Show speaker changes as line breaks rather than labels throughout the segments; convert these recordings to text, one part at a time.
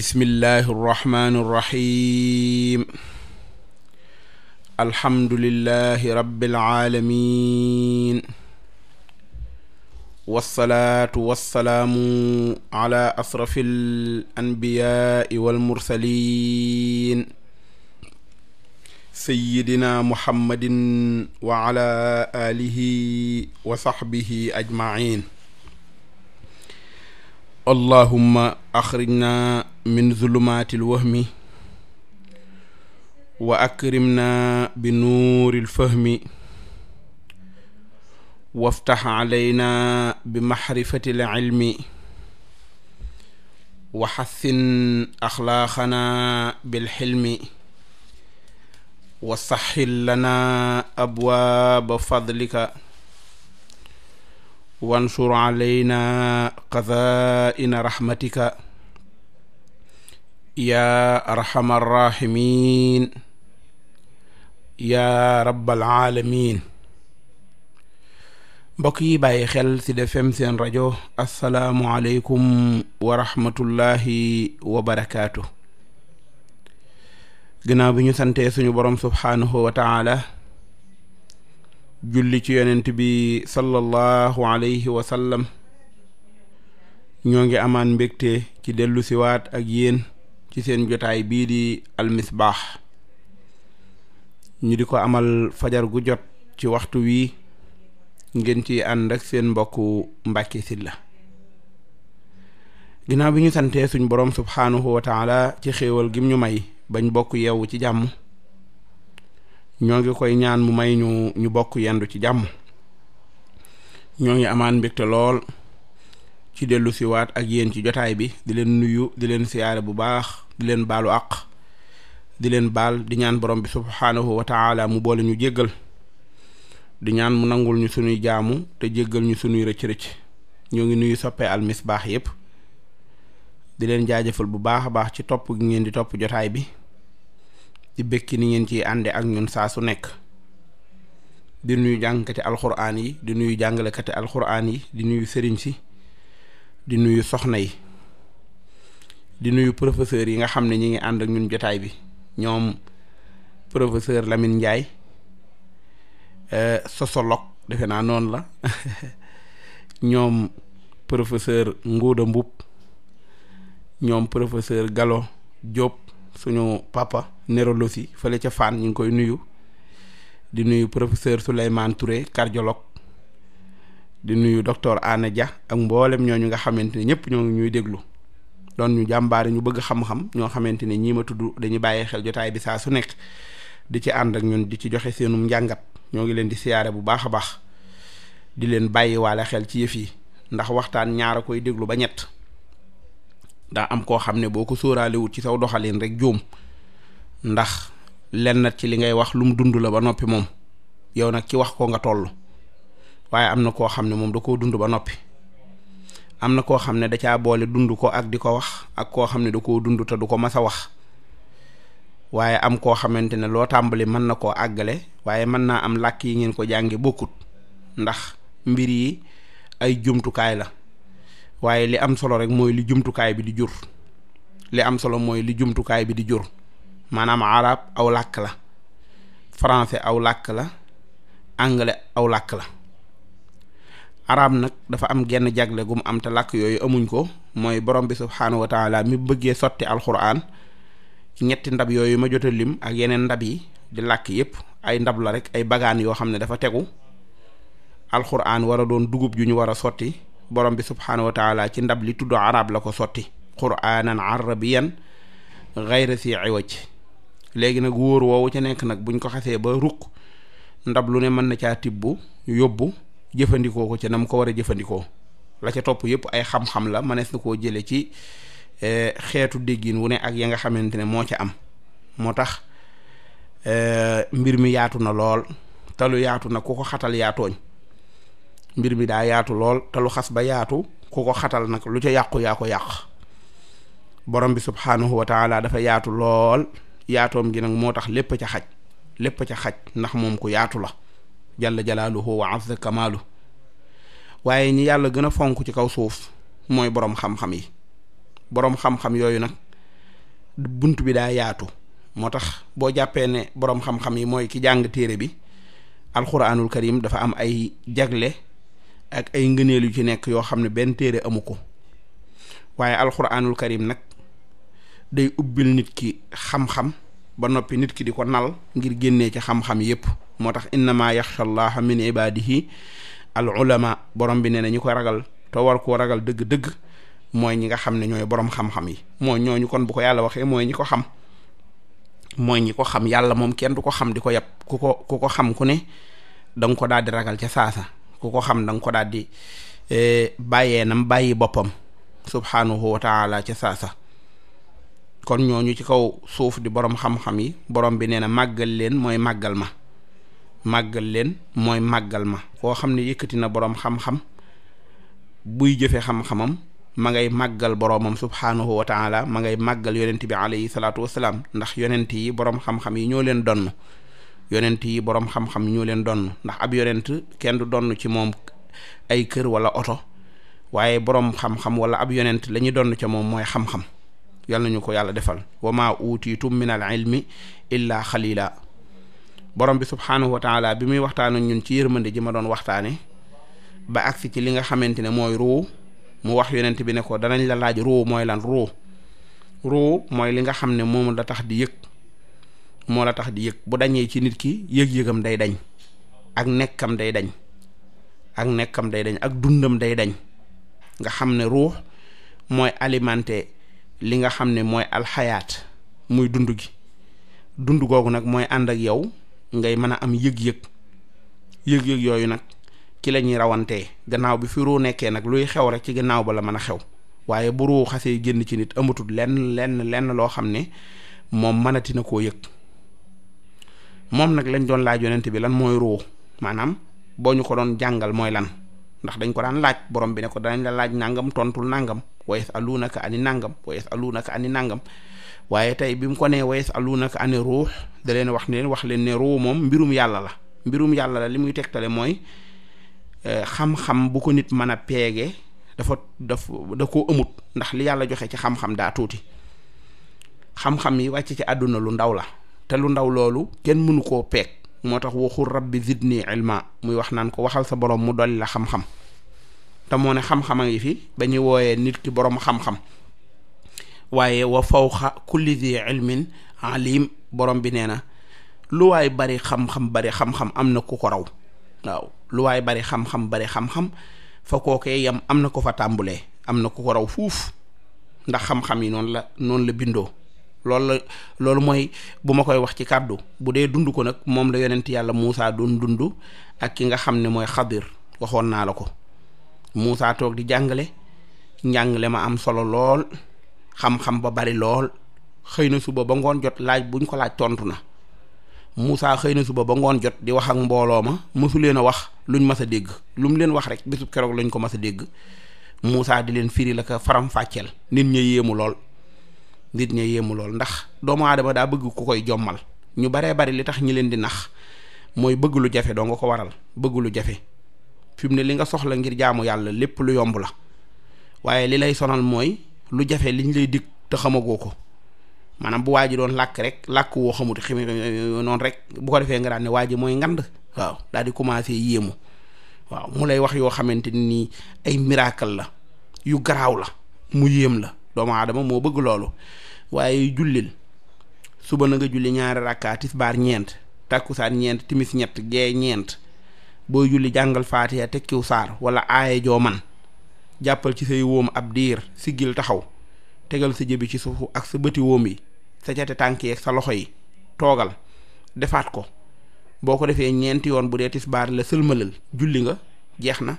bismillahi irrahmani irrahim alhamdulilahi rabilaalamin walsalaatu walsalaamu ala asrafi al anbiyaai walmursalin sayidina muhammadin wa ala alihi wa saxbihi ajmain allahumma axrijna min zulumaatil wahmi wa akrimna bi nuuril fahmi waftax alayna bi maxrifatil ilmi wa xassin axlaaqana bil xilmi wa saxil lana abwaaba fadlika wansur alayna qazaa'ina raxmatika yaa arhamar raahimiin yaa rabbal aalamiin mbokk yi bàyyi xel ci Sud FM seen rajo asalaamualeykum wa rahmatullahi wa barakaatu. ginnaaw bi ñu santee suñu borom subhaanahu wa taala julli ci yonent bi sallallahu alayhi wa ñoo ngi amaan mbégte ci dellu siwaat ak yéen. ci seen jotaay bii di almisbaax ñu di ko amal fajar gu jot ci waxtu wii ngeen ci ànd ak seen mbokku Mbàkke Sylla ginnaaw bi ñu santee suñ boroom subhaanahu wa taala ci xéewal gim ñu may bañ bokk yeewu ci jàmm ñoo ngi koy ñaan mu may ñu ñu bokk yendu ci jàmm ñoo ngi amaan mbégte lool ci dellu siwaat ak yéen ci jotaay bi di leen nuyu di leen siyaare bu baax di leen baalu àq di leen baal di ñaan borom bi subhaanahu wa mu boole ñu jéggal di ñaan mu nangul ñu sunuy jaamu te jéggal ñu sunuy rëcc-rëcc ñoo ngi nuyu soppee almisbaax yépp di leen jaajëfal bu baax a baax ci topp gi ngeen di topp jotaay bi di békki ni ngeen ciy ànde ak ñun saa su nekk di nuyu jàngkati alxuraan yi di nuyu jàngalekati alxuraan yi di nuyu sëriñ si di nuyu soxna yi di nuyu professeur yi nga xam ne ñi ngi ànd ak ñun jotaay bi ñoom professeur Lamine Ndiaye euh, sociologue defe naa noonu la ñoom professeur Ngouda mbubb ñoom professeur galo Diop suñu papa neurologie fële ca Fann ñu ngi koy nuyu di nuyu professeur Souleymane Touré cardiologue di nuyu docteur Ane ja ak mboolem ñooñu nga xamante ne ñëpp ñoo ngi ñuy déglu doon ñu jàmbaari ñu bëgg xam-xam ñoo xamante ne ñii ma tudd dañu bàyyi xel jotaay bi saa su nekk di ci ànd ak ñun di ci joxe seenum njàngat ñoo ngi leen di siyaare bu baax a baax di leen bàyyiwaale xel ci yëf yi ndax waxtaan ñaar a koy déglu ba ñett daa am koo xam ne boo ko sóoraalewut ci saw doxalin rek jóom ndax lenn ci li ngay wax lu mu dund la ba noppi moom yow nag ci wax ko nga toll waaye am na koo xam ne moom da koo dund ba noppi am na koo xam ne da caa boole dund ko ak di ko wax ak koo xam ne da koo dund te du ko mas a wax waaye am koo xamante ne loo tàmbali mën na koo àggale waaye mën naa am làkk yi ngeen ko jànge bokkut ndax mbir yi ay jumtukaay la waaye li am solo rek mooy li jumtukaay bi di jur li am solo mooy li jumtukaay bi di jur maanaam arab aw làkk la français aw làkk la anglais aw làkk la arab nag dafa am genn jagle gum am te làkk yooyu amuñ ko mooy borom bi subhaanahu wa taala mi bëggee sotti alxuraan ci ñetti ndab yooyu ma jota lim ak yeneen ndab yi di làkk yépp ay ndab la rek ay bagaan yoo xam ne dafa tegu alxuraan war a doon dugub ju ñu war a sotti borom bi subhaanahu wa ci ndab li tudd arab la ko sotti quraanan arabiyan gayra si iwaj léegi nag wóor woowu ca nekk nag buñ ko xasee ba rukk ndab lu ne mën na caa tibb yóbbu jëfandikoo ko ci na mu ko war a jëfandikoo la ca topp yëpp ay xam-xam la mënees na koo jële ci eh, xeetu déggin wu ne ak ya nga xamante ne moo ci am moo tax eh, mbir mi yaatu na lool te lu na ku ko mbir mi daa yaatu lool te lu xas ba yaatu ku ko xatal nag lu ci yàqu yaa ko yàq borom bi subhaanahu wa taala dafa yaatu lool yaatoom gi nag moo tax lépp ca xaj lépp ca xaj ndax moom ku yaatu la jalla jalaaluhu wa azza kamaalu waaye ñi yàlla gën a fonk ci kaw suuf mooy boroom xam-xam yi boroom xam-xam yooyu nag bunt bi daa yaatu moo tax boo jàppee ne boroom xam-xam yi mooy ki jàng téere bi alxuraanul karim dafa am ay jagle ak ay ngëneel yu ci nekk yoo xam ne benn téere amu ko waaye alxuraanul karim nag day ubbil nit ki xam-xam ba noppi nit ki di ko nal ngir génnee ci xam-xam yépp moo tax innama yaxsha allaha min ibadihi al ulama borom bi nee na ñu ko ragal te koo ragal dëgg-dëgg mooy ñi nga xam ne ñooy borom xam-xam yi mooy ñooñu kon bu ko yàlla waxee mooy ñi ko xam mooy ñi ko xam yàlla moom kenn du ko xam di ko yab ku ko ku ko xam ku ne da nga ko daal di ragal ca saasa ku ko xam da ko daal di e, bàyyee nam bàyyi boppam subhaanahu wa taala ca saasa kon ñooñu ci kaw suuf di borom xam-xam yi borom bi nee na màggal leen mooy màggal ma màggal leen mooy màggal ma koo xam ne yëkkati na boroom xam-xam buy jëfe xam-xamam ma ngay màggal boroomam subhaanahu wa taala ma ngay màggal yonent bi alayhi salaatu wasalaam ndax yonent yi boroom xam-xam yi ñoo leen donn yonent yi boroom xam-xam ñoo leen donn ndax ab yonent kenn du donn ci moom ay kër wala oto waaye boroom xam-xam wala ab yonent la ñuy donn ca moom mooy xam-xam yal nañu ko yàlla defal wa maa utiitum illaa xalila borom bi subhaanahu wa taala bi muy waxtaan ak ñun ci yërmande ji ma doon waxtaane ba agsi ci li nga xamante ne mooy ruu mu wax yonent bi ne ko danañ la laaj ruu mooy lan ruu ruu mooy li nga xam ne moom la tax di yëg moo la tax di yëg bu dañee ci nit ki yëg-yëgam day dañ ak nekkam day dañ ak nekkam day dañ ak dundam day dañ nga xam ne ruux mooy alimenter li nga xam ne mooy alxayaat muy dund gi dund googu nag mooy ànd ak yow ngay mën a am yëg-yëg yëg-yëg yooyu nag ci la ñuy rawantee gannaaw bi fi ruu nekkee nag luy xew rek ci gannaaw ba la mën a xew waaye bu ruu xasee génn ci nit amatul lenn lenn lenn loo xam ne moom mënati na koo yëg moom nag lañ doon laaj yonent bi lan mooy ruu maanaam boo ñu ko doon jàngal mooy lan ndax dañ ko daan laaj borom bi ne ko danañ la laaj nangam tontul nangam wa yasalunaka ani nangam wa yasalunaka ani nangam waaye tey bi mu ko nee wayes alunaka ane ruux da leen wax leen wax leen ne ruu moom mbirum yàlla la mbirum yàlla la li muy tegtale mooy eh, xam-xam bu ko nit mën a peege dafa daf da koo ëmut ndax li yàlla joxe ci xam-xam daa tuuti xam-xam yi wàcc ci àdduna lu ndaw la te lu ndaw loolu kenn mënu koo peeg moo tax waxul rabbi zidni ilma muy wax naan ko waxal sa borom mu dolli la xam-xam te moo ne xam-xam a ngi fi ba ñu wooyee nit ki borom xam-xam waaye wa fawqa kulli di ilmin alim borom bi nee na lu waay bari xam-xam bari xam-xam am na ku ko raw waaw lu bari xam-xam bari xam-xam yam am na ko fa tàmbulee am na ku ko raw fuuf ndax xam-xam yi noonu la noonu la bindoo loolu mooy bu ma koy wax ci kàddu bu dee dund ko nag moom la yonent yàlla Moussa doon dund ak ki nga xam ne mooy xabir waxoon naa la ko Moussa toog di jàngale njàngale ma am solo lool xam-xam ba bari lool xëy na suba ba ngoon jot laaj buñ ko laaj tontu na Moussa xëy na suba ba ngoon jot di wax ak mbooloo ma mosu leen a wax luñ mas a dégg lu mu leen wax rek bésub keroog lañ ko mas a dégg Moussa di leen firi la ko faram-fàcceel nit ña yéemu lool nit ña yéemu lool ndax doomu aadama daa bëgg ku koy jommal ñu baree bari li tax ñi leen di nax mooy bëgg lu jafe doo nga ko waral bëgg lu jafe fi ne li nga soxla ngir jaamu yàlla lépp lu yomb la lu jafe liñ lay dikk te xamagoo ko maanaam bu waa ji doon làkk rek làkk woo xamut xame euh, noonu rek bu ko defee nga daan ne waaj ji mooy ngand waaw daal di commencé yéemu waaw mu lay wax yoo xamante nii ay miracle la yu garaaw la mu yéem la doomu aadama moo bëgg loolu waaye jullil suba nag nga julli ñaari rakkaa tisbaar ñeent takkusaan ñeent timis ñett gee ñeent booy julli jàngal faatiha tekkiw saar wala aaye joo man jàppal ci say woom ab diir siggil taxaw tegal sa jëbi ci suufu ak sa bëti woom yi sa cati tànk yi ak sa loxo yi toogal defaat ko boo ko defee ñeenti yoon bu dee tisbaar la sëlmalal julli nga jeex na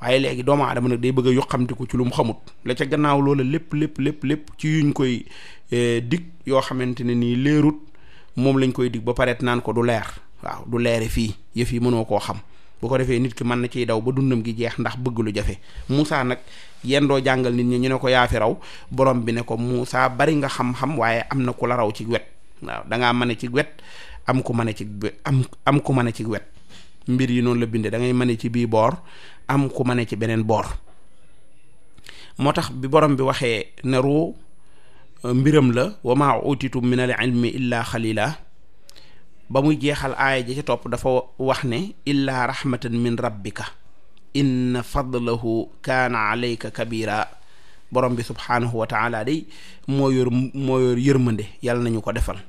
waaye léegi doomu aadama nag day bëgg a yoxamtiku ci lu mu xamut la ca gannaaw loola lépp lépp lépp lépp ci yuñ koy e, dig yoo xamante ne nii leerut moom lañ koy dig ba paret naan ko du leer waaw du leere fii yëf yi mënoo koo xam bu ko defee nit ki mën na ciy daw ba dundam gi jeex ndax bëgg lu jafe Moussa nag yéen doo jàngal nit ñi ñu ne ko yaa fi raw borom bi ne ko Moussa bari nga xam-xam waaye am na ku la raw ci wet waaw da ngaa mën a ci wet am ku mën a ci am am ku mën a ci wet mbir yi noonu la bindee da ngay mën ci bii boor am ku mën ci beneen boor moo tax bi borom bi waxee ne ruu mbiram la wa maa utitum min al ilmi illa xalila ba muy jeexal aaya ja ca topp dafa wax ne illa rahmatan min rabbika inna fadlahu kaana alayka kabira borom bi subhaanahu wa taala day moo yor moo yor nañu ko defal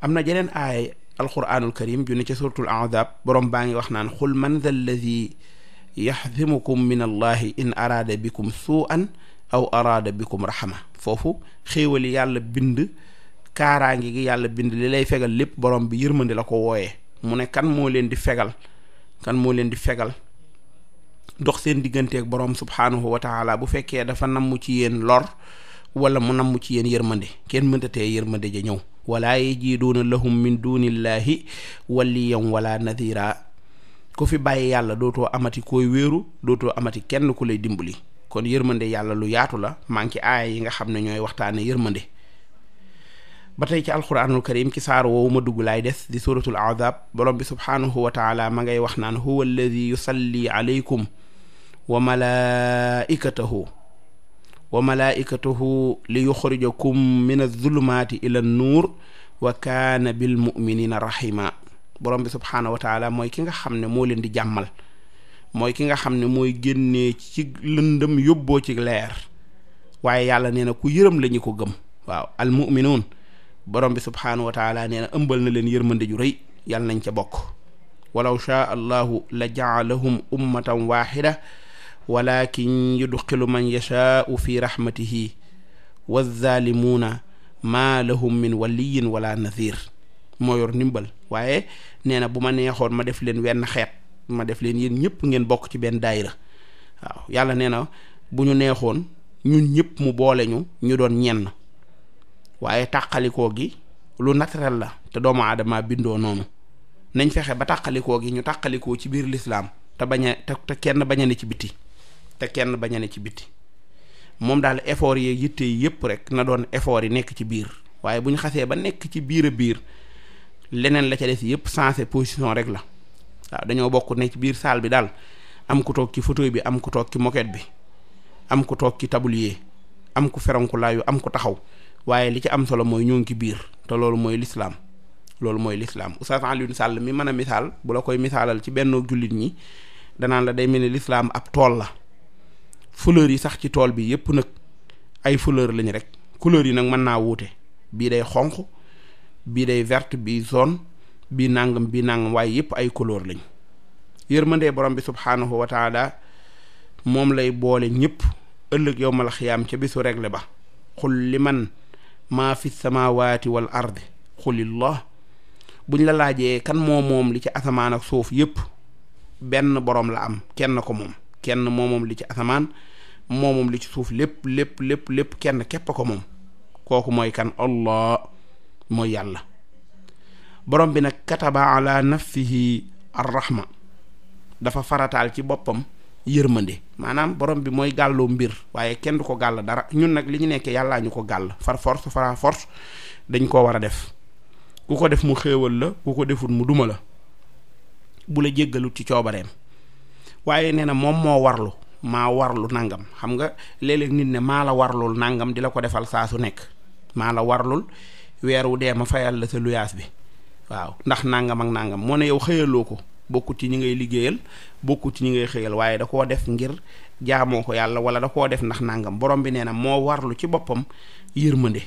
am na jeneen aaya alquranul karim ju ne ca suratul ahzab borom baa ngi wax naan xul man dha alladi yaxdimukum min allahi in araada bikum suu'an aw araada bikum rahma foofu xéewali yàlla bind kaaraange gi yàlla bind li lay fegal lépp borom bi yërmande la ko wooyee mu ne kan moo leen di fegal kan moo leen di fegal ndox seen digganteeg borom subhaanahu wa taala bu fekkee dafa namm ci yéen lor wala mu namm ci yéen yërmande kenn mëntatee yërmande ja ñëw wala yajiduuna lahum min dunillahi waliyan wala nadira ku fi bàyyi yàlla dootoo amati koy wéeru dootoo amati kenn ku lay dimbali kon yërmande yàlla lu yaatu la maa ngi aaya yi nga xam ne ñooy waxtaane yërmande ba tey ci alquranul karim ci saar woowu ma dugg laay des di suratul azab borom bi subhaanahu wa taala ma ngay wax naan huwa alladi yusalli aleykum wa malaikatahu wa malaikatahu li yuxrijakum min azulumati ila nuur wa kaana bil muminina rahima borom bi subhaanahu wa mooy ki nga xam ne moo leen di jàmmal mooy ki nga xam ne mooy génnee ci lëndëm yóbboo ci leer waaye yàlla nee na ku yërëm lañu ko gëm waaw al borom bi subhaanahu wa taala nee ëmbal na leen yërmande ju rëy yàlla nañ ca bokk walaw shaa allahu la jaalahum ummatan waaxida walakin yudxilu man yashaau fi rahmatihi wazaalimuuna maa lahum min waliyin wala nazir moo yor ndimbal waaye nee na bu ma neexoon ma def leen wenn xeet ma def leen yéen ñëpp ngeen bokk ci benn daayira waaw yàlla nee na bu ñu neexoon ñun ñëpp mu boole ñu ñu doon ñenn waaye tàqalikoo gi lu naturel la te doomu aadama bindoo noonu nañ fexe ba tàqalikoo gi ñu tàqalikoo ci biir lislaam te bañ a te bañ ne ci biti te kenn bañ a ne ci biti moom daal effort yee yitte yi yëpp rek na doon effort yi nekk ci biir waaye bu ñu xasee ba nekk ci biir biir leneen la ca des yëpp sensé position rek la waaw dañoo bokk ne ci biir saal bi daal am ku toog ci fauteuil bi am ku toog ci moquette bi am ku toog ci tablier am ku feronku am ku taxaw waaye li ci am solo mooy ñoo ngi ci biir te loolu mooy lislaam loolu mooy lislaam Oustaz Alioune Sall mi mën a misaal bu la koy misaalal ci benn jullit ñi danaan la day mel ni lislaam ab tool la fleur yi sax ci tool bi yépp nag ay fleur lañ rek couleur yi nag mën naa wuute bii day xonq bii day verte bii zone bii nàngam bii nàngam waaye yépp ay couleur lañ yërmandee borom bi subhaanahu wa taala moom lay boole ñëpp ëllëg yow mal xiyaam ca bisu regle ba xul maa fi samaawaati wal ardi xulillah buñ la laajee kan moo moom li ci asamaan ak suuf yépp benn boroom la am kenn ko moom kenn moo li ci asamaan moomoom li ci suuf lépp lépp lépp lépp kenn képp ko moom kooku mooy kan allah mooy yàlla boroom bi nag kataba ala nafsihi arrahma dafa farataal ci boppam yërmande maanaam borom bi mooy gàlloo mbir waaye kenn du ko gàll dara ñun nag li ñu nekkee yàllaa ñu ko gàll far force fara force dañ koo war a def ku ko def mu xéewal la ku ko deful mu duma la bu la jéggalut ci coobareem waaye nee na moom moo warlu maa warlu nangam xam nga léeg-léeg nit ne maa la warlul nangam di la ko defal saa su nekk maa la warlul weer wu dee ma fayal la sa luyaas bi waaw ndax nangam ak nangam moo ne yow xëyaloo ko bokku ci ñi ngay liggéeyal bokku ci ñi ngay xëyal waaye da koo def ngir jaamoo ko yàlla wala da koo def ndax nangam borom bi nee na moo warlu ci boppam yërmande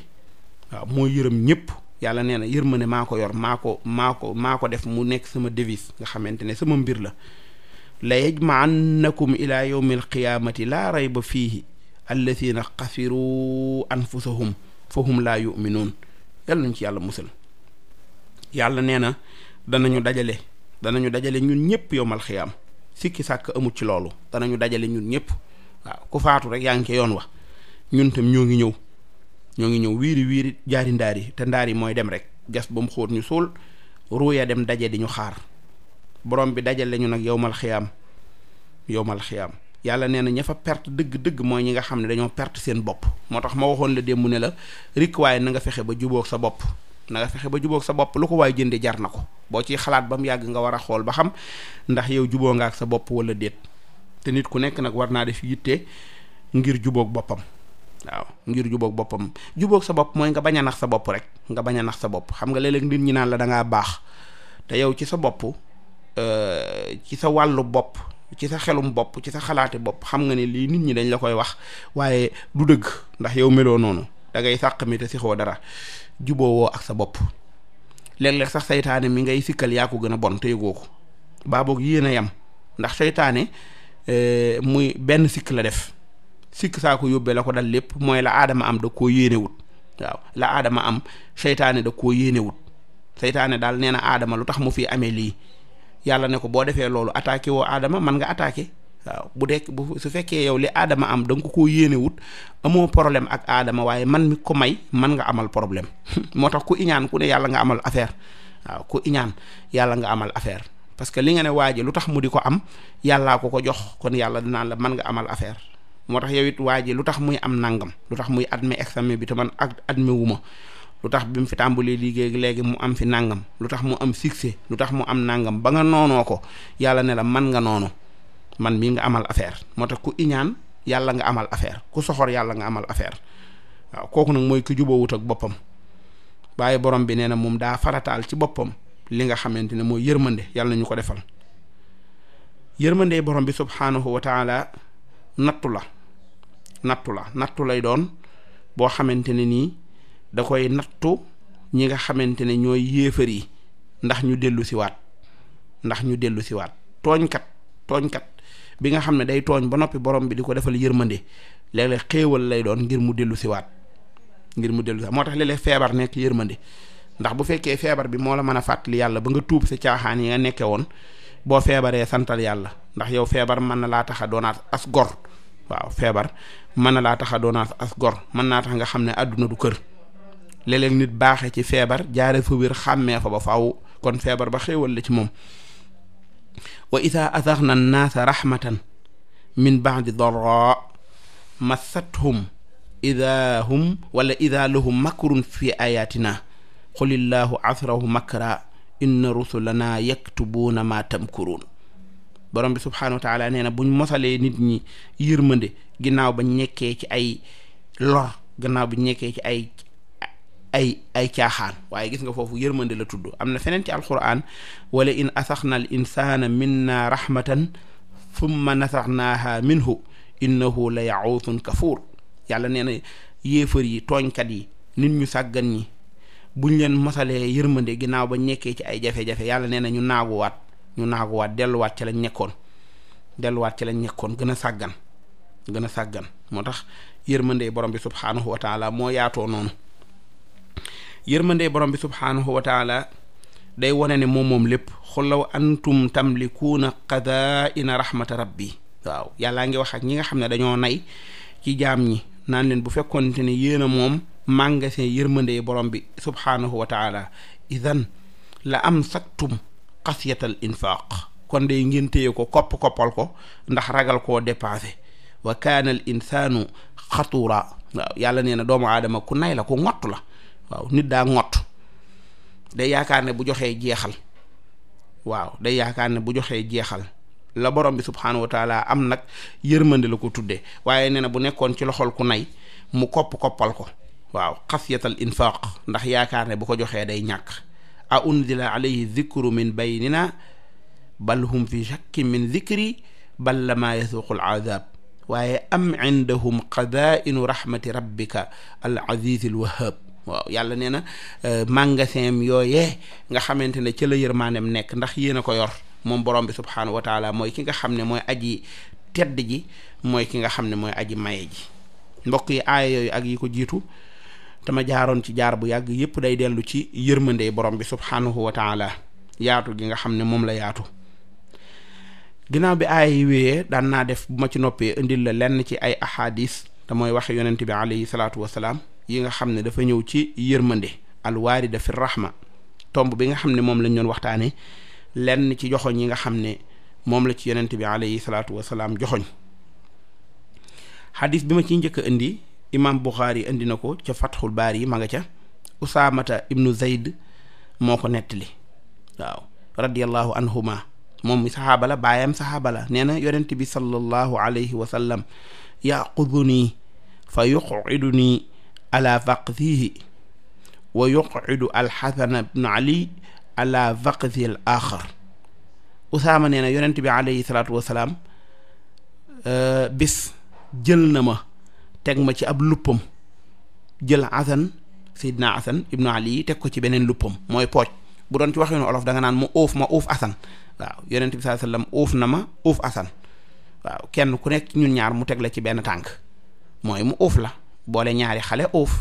waaw moo yërëm ñëpp yàlla nee na yërmande maa ko yor maa ko maa ko maa ko def mu nekk sama devise nga xamante ne sama mbir la la yajmaannakum ila yawmi alqiyaamati laa rayba fiihi alladina xasiru anfusahum fa hum laa yuminuun yàlla nañ ci yàlla musal yàlla nee na danañu dajale danañu dajale ñun ñëpp yowmal xiyaam sikki sàkk amut ci loolu danañu dajale ñun ñëpp waaw ku faatu rek yaa ngi ci yoon wa ñun tam ñoo ngi ñëw ñoo ngi ñëw wiiri wiiri jaari ndaar yi te ndaar yi mooy dem rek gas ba mu xóot ñu suul ruuya dem daje di ñu xaar borom bi dajale ñu nag yowmal xiyaam yowmal xiyaam yàlla nee na ña fa perte dëgg-dëgg mooy ñi nga xam ne dañoo perte seen bopp moo tax ma waxoon la démb ne la rikk waaye na nga fexe ba jubóog sa bopp na nga fexe ba jubook sa bopp lu ko waay jënde jar na ko boo ciy xalaat ba mu yàgg nga war a xool ba xam ndax yow juboo nga ak sa bopp wala déet te nit ku nekk nag war naa def yitte ngir jubóog boppam waaw ngir jubóog boppam jubóog sa bopp mooy nga bañ a nax sa bopp rek nga bañ a nax sa bopp xam nga léeg-léeg naan la da baax te yow ci sa bopp euh, ci sa wàllu bopp ci sa xelum bopp ci sa xalaati bopp xam nga ne lii nit ñi dañ la koy wax waaye du dëgg ndax yow meloo noonu da ngay sàq mi te sixoo dara juboowoo ak sa bopp léeg-léeg sax seytaane mi ngay sikkal yaa ko gën a bon te yëgoo ko baaboog yéen a yam ndax seytaane eh, muy benn sikk la def sikk saa ko yóbbee la ko dal lépp mooy la aadama am da koo yéenewut waaw la aadama am seytaane da koo yéenewut seytaane daal nee na aadama lu tax mu fi amee lii yàlla ne ko boo defee loolu attaqué woo aadama man nga attaqué waaw bu dee bu su fekkee yow li aadama am da ko koo yéene wut amoo problème ak aadama waaye man mi ko may man nga amal problème moo tax ku iñaan ku ne yàlla nga amal affaire waaw ku iñaan yàlla nga amal affaire parce que li nga ne waa lu tax mu di ko am yàllaa ko ko jox kon yàlla dinaan la man nga amal affaire moo tax yow it waa ji lu tax muy am nangam lu tax muy admis examen bi te man ak admis wu ma lu tax bi mu fi tàmbalee liggéey léegi mu am fi nangam lu tax mu am succès lu tax mu am nangam ba nga noonoo ko yàlla ne la man nga noonu man mii nga amal affaire moo tax ku iñaan yàlla nga amal affaire ku soxor yàlla nga amal affaire waaw kooku nag mooy ki juboowut ak boppam waaye borom bi nee na moom daa farataal ci boppam li nga xamante ne mooy yërmande yàlla ñu ko defal yërmande borom bi subhaanahu wa taala nattu la nattu la nattu lay doon boo xamante ne nii da koy nattu ñi nga xamante ne ñooy yéefar yi ndax ñu dellu si waat ndax ñu dellu si waat tooñkat tooñkat bi nga xam ne day tooñ ba noppi borom bi di ko defal yërmande léeg-léeg xéewal lay doon ngir mu dellu siwaat ngir mu dellu siwaat moo tax léeg-léeg feebar nekk yërmande ndax bu fekkee feebar bi moo la mën a fàttali yàlla ba nga tuub sa caaxaan yi nga nekke woon boo feebaree santal yàlla ndax yow feebar mën na laa tax a doonaat as gor waaw feebar mën na laa tax a doonaat as gor mën naa tax nga xam ne àdduna du kër léeg-léeg nit baaxee ci feebar jaare fa wér xàmmee fa ba faw kon feebar ba xéewal la ci moom wa ida atharna annaasa rahmatan min baadi dara massathum ida hum wala ida lahum makrun fi ayatina qul illaahu asrahu makra inna rusulana yaktubuuna ma tamkuruun borom bi subhaanahu wa taala na buñ mosalee nit ñi yërmande ginnaaw ba ñekkee ci ay lor gannaaw ba ñekkee ci ay ay ay caaxaan waaye gis nga foofu yërmande la tudd am na feneen ci alquran wala in asaxna al insana minna rahmatan thumma nasaxnaaha minhu innahu la yaawuthun kafuur yàlla nee na yéefar yi tooñkat yi nit ñu sàggan ñi buñ leen mosalee yërmande ginnaaw ba nekkee ci ay jafe-jafe yàlla nee na ñu naaguwaat ñu naaguwaat delluwaat ci lañ nekkoon delluwaat ci lañ nekkoon gën a sàggan gën a sàggan moo tax yërmande borom bi subhaanahu wa taala moo yaatoo noonu yërmandey borom bi subhaanahu wa taala day wane ne moom moom lépp la xulaw antum tamlikuuna qadaa'ina rahmata rabbi waaw yàllaa ngi wax ak ñi nga xam ne dañoo nay ci jaam ñi naan leen bu fekkoonte ne yéen a moom magasin yërmandey borom bi subhaanahu wa taala idan la am saktum xasiyatal infaaq kon day ngeen téye ko kopp koppal ko ndax ragal koo dépassé wa kaana al insaanu xatuura waaw yàlla nee na doomu aadama ku nay la ku ngott la waaw nit daa ngott day yaakaar ne bu joxee jeexal waaw day yaakaar ne bu joxee jeexal la borom bi subxanahu wa taala am nag yërmande la ko tuddee waaye nee na bu nekkoon ci loxol ku nay mu kopp koppal ko waaw xasiyatal infaq ndax yaakaar ne bu ko joxee day ñàkk a unzila alayhi zikru min baynina bal hum fi shakki min zikri bal lama yasuuqu al azab waaye am indahum xadainu rahmati rabbika al aziz al waaw yàlla nee na euh, magasin yooye nga xamante ne ca la yërmaaneem nekk ndax yéen a ko yor moom borom bi subhaanahu wa taala mooy ki nga xam ne mooy aji tedd ji mooy ki nga xam ne mooy aji maye ji mbokk yi aaya ak yi ko jiitu dama jaaroon ci jaar bu yàgg yépp day dellu ci yërmandey borom bi subhaanahu wa taala yaatu gi nga xam ne moom la yaatu ginnaaw bi aaya yi wéyee daan naa def bu ma ci noppee indil la lenn ci ay ahadis te mooy wax yonent bi alayhi salaatu wasalaam yi nga xam ne dafa ñëw ci yërmande alwaarida fi rahma tomb bi nga xam ne moom lañ doon waxtaane lenn ci joxoñ yi nga xam ne moom la ci yonent bi alayhi salaatu wasalaam joxoñ xadis bi ma ciy njëkk a indi imam Buxaari indi na ko ca Fatxul Baari yi ma nga ca Usaamata ibnu Zayd moo ko nettali waaw radiyallahu anhuma moom mi saxaaba la baayam saxaaba la nee na yonent bi sallallahu alayhi wa sallam fa yuqiduni ala faqdihi wa yuqidu alxasana bnu ali ala faqdi al bi alayhi salaatu wasalaam euh, na ma teg ma ci ab luppam jël asan seydina asan ibnu ali teg ko ci beneen luppam mooy pooj bu doon ci waxinu olof danga naan ma uuf ma uuf asan waaw yonent bi sallallahu alayhi wasallam uuf na ma uuf asan waaw kenn ku nekk ñun ñaar mu teg la ci benn tànk mooy mu uuf la boole ñaari xale oof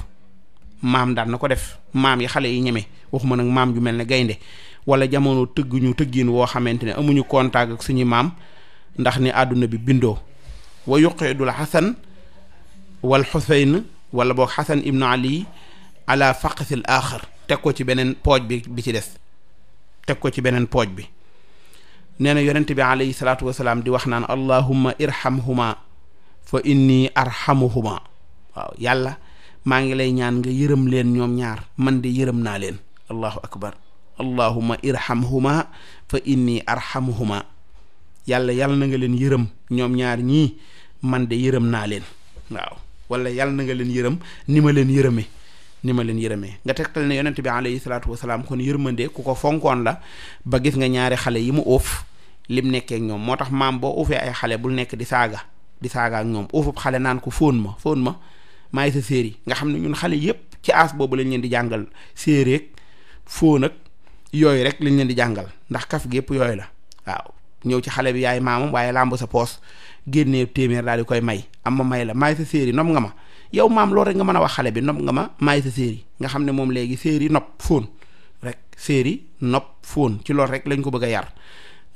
maam daan na ko def maam yi xale yi ñeme waxuma nag maam yu mel ne gaynde wala jamono tëgguñu tëggin woo xamante ne amuñu contact ak suñu maam ndax ni àdduna bi bindoo wa yuqidul xasan wal xuseyn wala boog xasan ibnu ali ala faqsil axar teg ko ci beneen pooj bi bi ci des teg ko ci beneen pooj bi nee na yonent bi alayhi salaatu wasalaam di wax naan allahumma irhamhuma fa inni waaw yàlla maa ngi lay ñaan nga yërëm leen ñoom ñaar man de yërëm naa leen allahu akbar allahuma irhamhuma fa inni arhamhuma yàlla yàlla na nga leen yërëm ñoom ñaar ñii man de yërëm naa leen waaw wala yàlla na nga leen yërëm ni ma leen yërëme ni ma leen yërëmee nga tegtal ne yonent bi alayhi salaatu wasalaam kon yërmande ku ko fonkoon la ba gis nga ñaari xale yi mu óof lim nekkee ak ñoom moo tax maam boo uufee ay xale bul nekk di saaga di saagaak ñoom uufub xale naan ko fóon ma fóon ma maay sa séeri nga xam ne ñun xale yépp ci aas boobu lañ leen di jàngal séeréeg fóon ak yooyu rek lañ leen di jàngal ndax kaf gi yépp yooyu la waaw ñëw ci xale bi yaay maamam waaye làmb sa poos génne téeméer daal di koy may am ma may la maay sa séeri nopp nga ma yow maam loolu rek nga mën a wax xale bi nopp nga ma maay sa séeri nga xam ne moom léegi séeri nopp fóon rek séeri nopp fóon ci loolu rek lañ ko bëgg a yar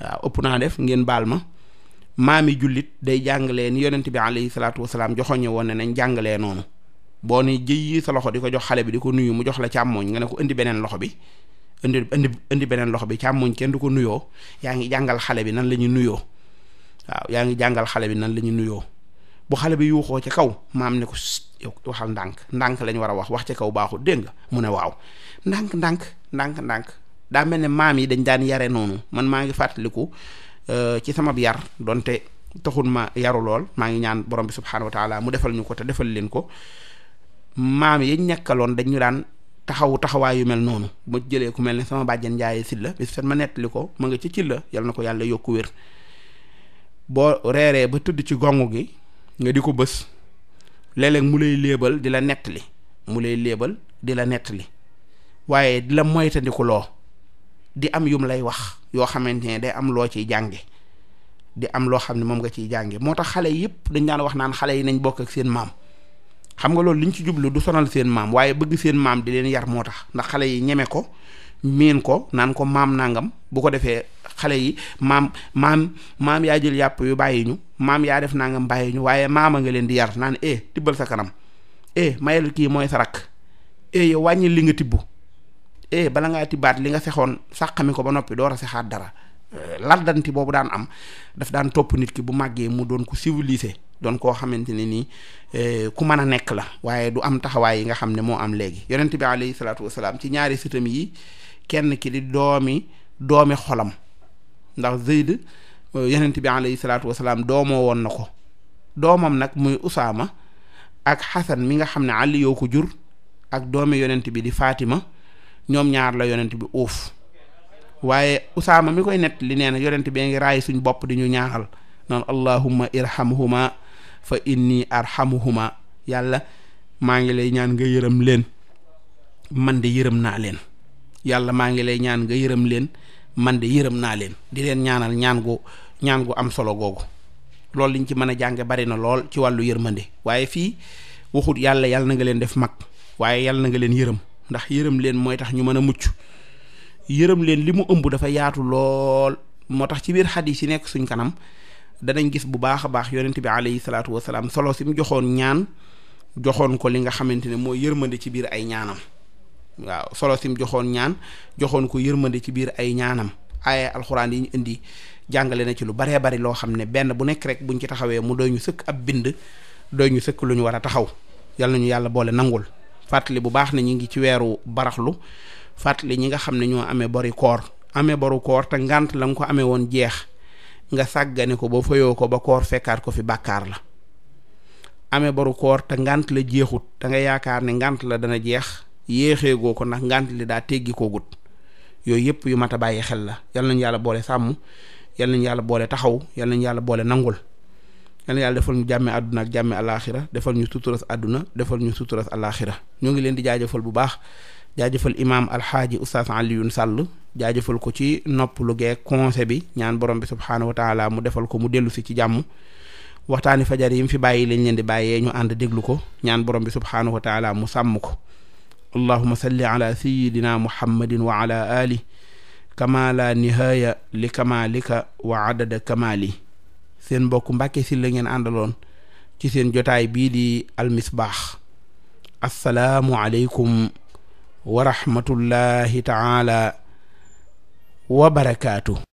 waaw ëpp naa def ngeen baal ma maam maami jullit day jàngalee ni yonent bi alayhi salaatu wasalaam joxoñe woon ne nañ jàngalee noonu boo ne jëyyi sa loxo di ko jox xale bi di ko nuyu mu jox la càmmooñ nga ne ko indi beneen loxo bi indi indi indi beneen loxo bi càmmooñ kenn du ko nuyoo yaa ngi jàngal xale bi nan la ñu nuyoo yaa ngi jàngal xale bi nan la ñu nuyoo bu xale bi yuuxoo ca kaw maam ne ko yow waxal ndànk ndànk lañ war a wax wax ca kaw baaxul dégg nga mu ne waaw ndànk ndànk ndànk ndànk daa mel ne maam yi dañ daan yare noonu man maa ngi fàttaliku Euh, ci sama yar donte taxul ma yaru lool maa ngi ñaan borom bi subxanahu wa taala mu defal ñu ko te defal leen ko maam yañ nekkaloon dañu daan taxawu taxawaay yu mel noonu ma jëlee ku mel ni sama bàjjen Ndiaye Sylla bis fet ma nettali ko ma nga ci ci la yal na ko yàlla yokk wér boo reeree ba tëdd ci gongu gi nga di ko bës léeg mu lay léebal di la nettali mu lay léebal di la nettali waaye di la moytandikuloo di am yum lay wax yoo xamante ne day am loo ciy jànge di am loo xam ne moom nga ciy jànge moo tax xale yi yëpp dañ daan wax naan xale yi nañ bokk ak seen maam xam nga loolu liñ ci jublu du sonal seen maam waaye bëgg seen maam di leen yar tax ndax yi ñeme ko miin ko naan ko maam nangam bu ko defee xale yi maam maam maam yaa jël yàpp yu bàyyi ñu maam yaa def nangam bàyyi ñu waaye maam a nga leen di yar naan eh tibbal sa kanam eh mayal kii mooy sa rakk eh yow wàññi li nga tibb eh bala ngaa tibaat li nga fexoon sàqami ko ba noppi door a sexaat dara eh, lardanti boobu daan am daf daan topp nit ki bu màggee mu doon ko civilisé doon koo xamante ne nii eh, ku mën a nekk la waaye du am taxawaay yi nga xam ne moo am léegi yonent bi alayhi salaatu wasalaam ci ñaari sëtam yi kenn ki di doomi doomi xolam ndax Zayd eh, yonent bi alayhi salaatu wasalaam doomoo woon na ko doomam nag muy Usaama ak Xasan mi nga xam ne Ali yoo ko jur ak doomi yonent bi di Fatima ñoom ñaar la yonent bi uuf waaye usaama mi koy nett li neen na yonent bee ngi raay suñ bopp di ñu ñaaxal noonu allahumma irhamhuma fa inni arhamuhuma yàlla maa ngi lay ñaan nga yërëm leen man de yërëm naa leen yàlla maa ngi lay ñaan yërëm leen man de yërëm naa leen di leen ñaanal ñaan gu ñaan gu am solo googu loolu liñ ci mën a jànge bari na lool ci wàllu yërmande waaye fii waxut yàlla yàlla na nga leen def mag waaye yàlla na nga leen yërëm ndax yërëm leen mooy tax ñu mën a mucc yërëm leen li mu ëmb dafa yaatu lool moo tax ci biir xadis yi nekk suñ kanam danañ gis bu baax a baax yonent bi alayhi salaatu wasalaam solo si mu joxoon ñaan joxoon ko li nga xamante ne mooy yërmande ci biir ay ñaanam waaw solo si mu joxoon ñaan joxoon ko yërmande ci biir ay ñaanam ay alxuraan yi ñu indi jàngale na ci lu baree bari loo xam ne benn bu nekk rek buñ ci taxawee mu doy ñu sëkk ab bind doy ñu sëkk lu ñu war a taxaw yal na ñu yàlla boole nangul fàttali bu baax ne ñu ngi ci weeru baraxlu fàttali ñi nga xam ne ñoo amee bori koor amee boru koor te ngànt la nga ko amee woon jeex nga sàggane ko ba fayoo ko ba koor fekkaat ko fi bàkkaar la amee boru koor te ngànt la jeexut da nga yaakaar ne ngànt la dana jeex yéexee goo ko ndax ngànt li daa teggi ko yooyu yëpp yu mat a bàyyi xel la yal nañu yàlla boole sàmm yal nañu yàlla boole taxaw yal nañu yàlla boole nangul yal na yàlla defal ñu jàmme àdduna ak jàmme alaaxira defal ñu suturas àdduna defal ñu suturas alaaxira ñoo ngi leen di jaajëfal bu baax jaajëfal imaam alxaaji oustaz Alioune Sall jaajëfal ko ci nopp lu conseil bi ñaan borom bi subhaanahu wa taala mu defal ko mu dellu si ci jàmm waxtaani fajar yi mu fi bàyyi lañ leen di bàyyee ñu ànd déglu ko ñaan borom bi subhaanahu wa taala mu sàmm ko allahuma salli ala sayidina muhammadin wa ala ali kamaala nihaaya li kamaalika seen mbokk si Sylla ngeen àndaloon ci seen jotaay bii di almisbaax assalaamu aleykum wa rahmatullahi taala wa barakaatu